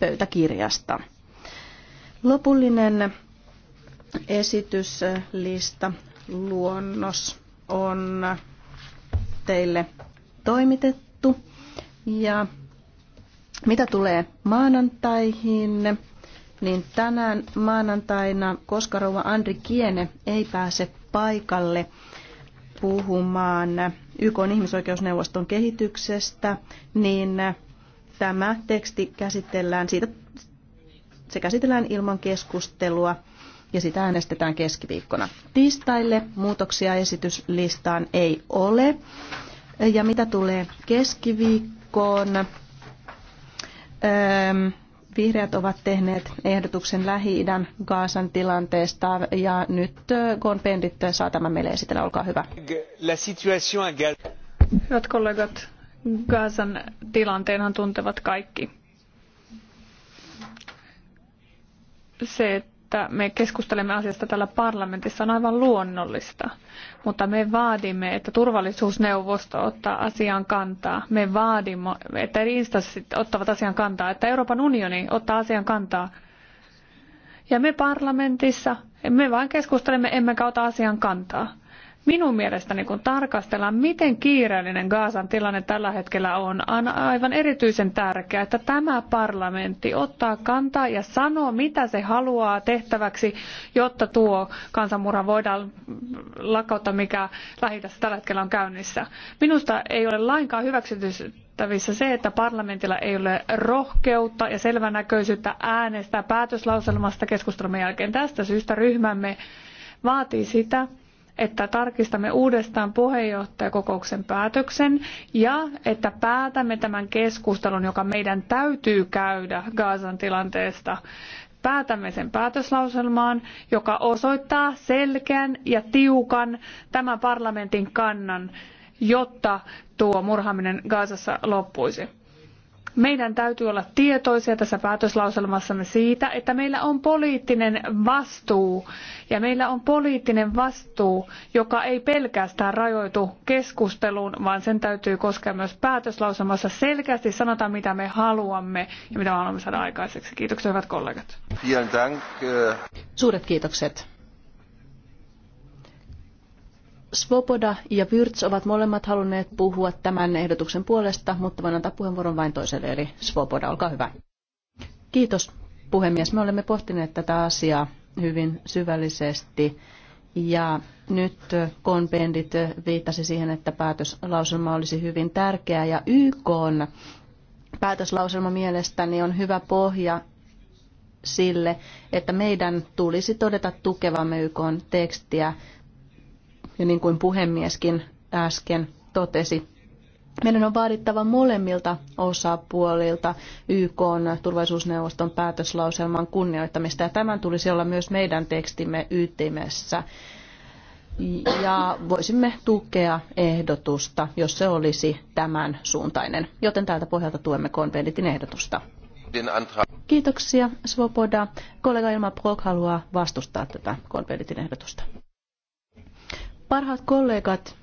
pöytäkirjasta. Lopullinen esityslista luonnos on teille toimitettu ja mitä tulee maanantaihin, niin tänään maanantaina, koska rouva Andri Kiene ei pääse paikalle puhumaan YK ihmisoikeusneuvoston kehityksestä, niin tämä teksti käsitellään, siitä, se käsitellään ilman keskustelua ja sitä äänestetään keskiviikkona. Tiistaille muutoksia esityslistaan ei ole. Ja mitä tulee keskiviikkoon, öö, vihreät ovat tehneet ehdotuksen Lähi-idän Gaasan tilanteesta ja nyt Gon Pendit saa tämän meille esitellä, olkaa hyvä. Hyvät kollegat, Gaasan tilanteenhan tuntevat kaikki. Se, että me keskustelemme asiasta täällä parlamentissa on aivan luonnollista, mutta me vaadimme, että turvallisuusneuvosto ottaa asian kantaa. Me vaadimme, että eri instanssit ottavat asian kantaa, että Euroopan unioni ottaa asian kantaa. Ja me parlamentissa, me vain keskustelemme, emmekä ota asian kantaa. Minun mielestäni kun tarkastellaan, miten kiireellinen Gaasan tilanne tällä hetkellä on, on aivan erityisen tärkeää, että tämä parlamentti ottaa kantaa ja sanoo, mitä se haluaa tehtäväksi, jotta tuo kansanmurha voidaan lakkauttaa, mikä lähi tällä hetkellä on käynnissä. Minusta ei ole lainkaan hyväksyttävissä se, että parlamentilla ei ole rohkeutta ja selvänäköisyyttä äänestää päätöslauselmasta keskustelun jälkeen. Tästä syystä ryhmämme vaatii sitä, että tarkistamme uudestaan puheenjohtajakokouksen päätöksen ja että päätämme tämän keskustelun, joka meidän täytyy käydä Gaasan tilanteesta. Päätämme sen päätöslauselmaan, joka osoittaa selkeän ja tiukan tämän parlamentin kannan, jotta tuo murhaaminen Gaasassa loppuisi. Meidän täytyy olla tietoisia tässä päätöslauselmassamme siitä, että meillä on poliittinen vastuu ja meillä on poliittinen vastuu, joka ei pelkästään rajoitu keskusteluun, vaan sen täytyy koskea myös päätöslauselmassa selkeästi sanotaan, mitä me haluamme ja mitä me haluamme saada aikaiseksi. Kiitoksia hyvät kollegat. Suuret kiitokset. Svoboda ja Vyrts ovat molemmat halunneet puhua tämän ehdotuksen puolesta, mutta voin antaa puheenvuoron vain toiselle, eli Svoboda, olkaa hyvä. Kiitos puhemies. Me olemme pohtineet tätä asiaa hyvin syvällisesti ja nyt konpendit viittasi siihen, että päätöslauselma olisi hyvin tärkeä ja YK päätöslauselma mielestäni on hyvä pohja sille, että meidän tulisi todeta tukevamme YK tekstiä ja niin kuin puhemieskin äsken totesi, meidän on vaadittava molemmilta osapuolilta YK on turvallisuusneuvoston päätöslauselman kunnioittamista ja tämän tulisi olla myös meidän tekstimme ytimessä. Ja voisimme tukea ehdotusta, jos se olisi tämän suuntainen. Joten tältä pohjalta tuemme konventin ehdotusta. Kiitoksia, Svoboda. Kollega Ilma Brok haluaa vastustaa tätä konventin ehdotusta. Parhaat kollegat,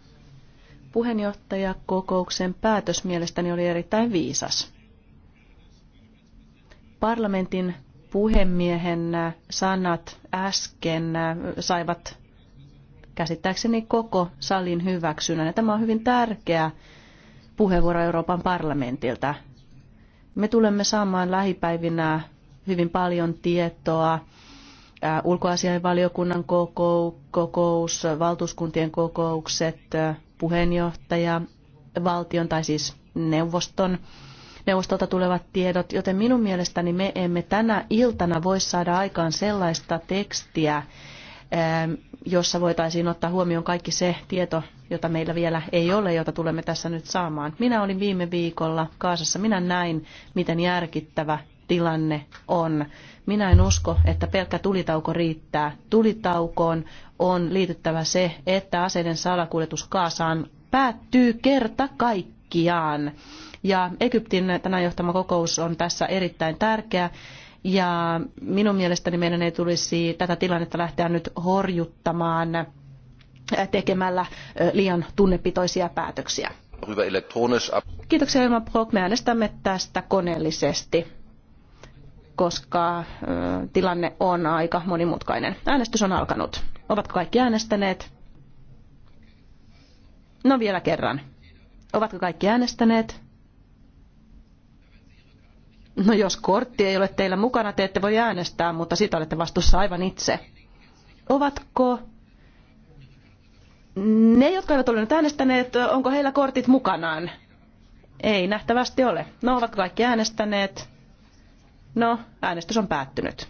puheenjohtajakokouksen päätös mielestäni oli erittäin viisas. Parlamentin puhemiehen sanat äsken saivat käsittääkseni koko salin hyväksynnän. Tämä on hyvin tärkeä puheenvuoro Euroopan parlamentilta. Me tulemme saamaan lähipäivinä hyvin paljon tietoa Äh, ulkoasiainvaliokunnan kokous, valtuuskuntien kokoukset, äh, puheenjohtaja, valtion tai siis neuvoston neuvostolta tulevat tiedot, joten minun mielestäni me emme tänä iltana voi saada aikaan sellaista tekstiä, äh, jossa voitaisiin ottaa huomioon kaikki se tieto, jota meillä vielä ei ole, jota tulemme tässä nyt saamaan. Minä olin viime viikolla Kaasassa. Minä näin, miten järkittävä tilanne on. Minä en usko, että pelkkä tulitauko riittää. Tulitaukoon on liityttävä se, että aseiden salakuljetus Kaasaan päättyy kerta kaikkiaan. Ja Egyptin tänään johtama kokous on tässä erittäin tärkeä. Ja minun mielestäni meidän ei tulisi tätä tilannetta lähteä nyt horjuttamaan äh, tekemällä äh, liian tunnepitoisia päätöksiä. Kiitoksia Ilma Brock. Me äänestämme tästä koneellisesti koska tilanne on aika monimutkainen. Äänestys on alkanut. Ovatko kaikki äänestäneet? No vielä kerran. Ovatko kaikki äänestäneet? No jos kortti ei ole teillä mukana, te ette voi äänestää, mutta siitä olette vastuussa aivan itse. Ovatko ne, jotka eivät ole nyt äänestäneet, onko heillä kortit mukanaan? Ei nähtävästi ole. No ovatko kaikki äänestäneet? No, äänestys on päättynyt.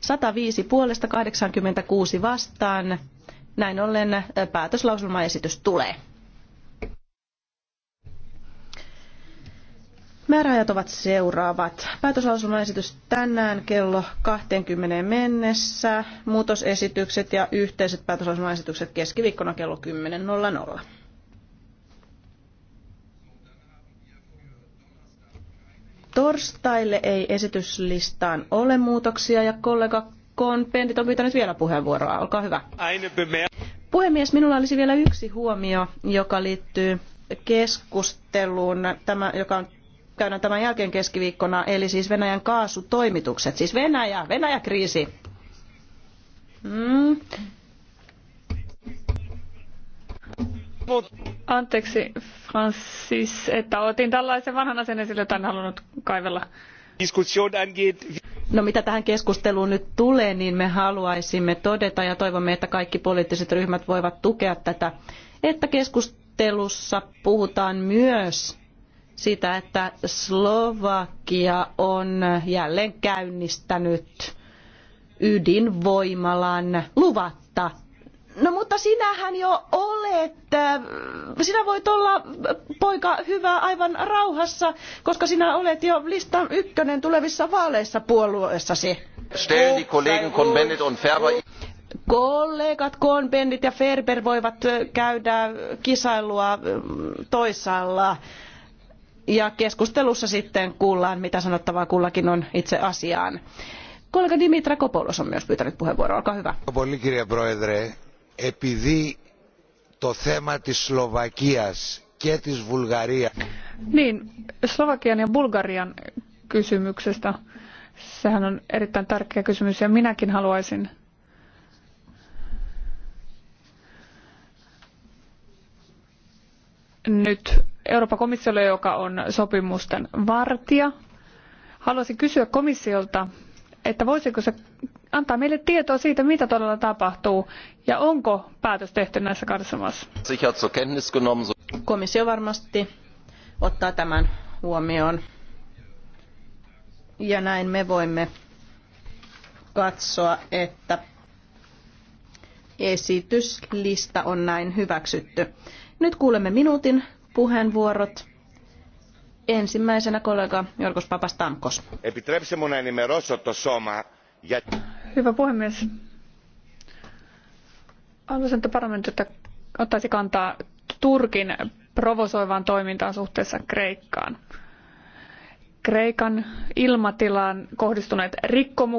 105 puolesta 86 vastaan. Näin ollen äh, päätöslauselmaesitys tulee. Määräajat ovat seuraavat. Päätöslauselmaesitys tänään kello 20 mennessä, muutosesitykset ja yhteiset päätöslauselmaesitykset keskiviikkona kello 10.00. Torstaille ei esityslistaan ole muutoksia ja kollega Kon Pendit on pyytänyt vielä puheenvuoroa. Olkaa hyvä. Puhemies, minulla olisi vielä yksi huomio, joka liittyy keskusteluun, tämä, joka on käydään tämän jälkeen keskiviikkona, eli siis Venäjän kaasutoimitukset, siis Venäjä, Venäjä-kriisi. Mm. Anteeksi, Francis, että otin tällaisen vanhan asian esille, jota en halunnut kaivella. No mitä tähän keskusteluun nyt tulee, niin me haluaisimme todeta ja toivomme, että kaikki poliittiset ryhmät voivat tukea tätä, että keskustelussa puhutaan myös sitä, että Slovakia on jälleen käynnistänyt ydinvoimalan luvatta No mutta sinähän jo olet, äh, sinä voit olla poika hyvä aivan rauhassa, koska sinä olet jo listan ykkönen tulevissa vaaleissa puolueessasi. Kollegat cohn ja Ferber voivat äh, käydä kisailua äh, toisaalla. Ja keskustelussa sitten kuullaan, mitä sanottavaa kullakin on itse asiaan. Kollega Dimitra Kopoulos on myös pyytänyt puheenvuoroa. Olkaa hyvä επειδή το θέμα της Σλοβακίας και της Βουλγαρίας... Niin, Slovakian ja Bulgarian kysymyksestä. Sehän on erittäin tärkeä kysymys ja minäkin haluaisin nyt Euroopan komissiolle, joka on sopimusten vartija. Haluaisin kysyä komissiolta, että voisiko se antaa meille tietoa siitä, mitä todella tapahtuu ja onko päätös tehty näissä kahdessa maassa. Komissio varmasti ottaa tämän huomioon. Ja näin me voimme katsoa, että esityslista on näin hyväksytty. Nyt kuulemme minuutin puheenvuorot. Ensimmäisenä kollega Jorgos Papastamkos. Επιτρέψτε μου να soma. Hyvä puhemies. Haluaisin, että parlamentti ottaisi kantaa Turkin provosoivaan toimintaan suhteessa Kreikkaan. Kreikan ilmatilaan kohdistuneet rikkomukset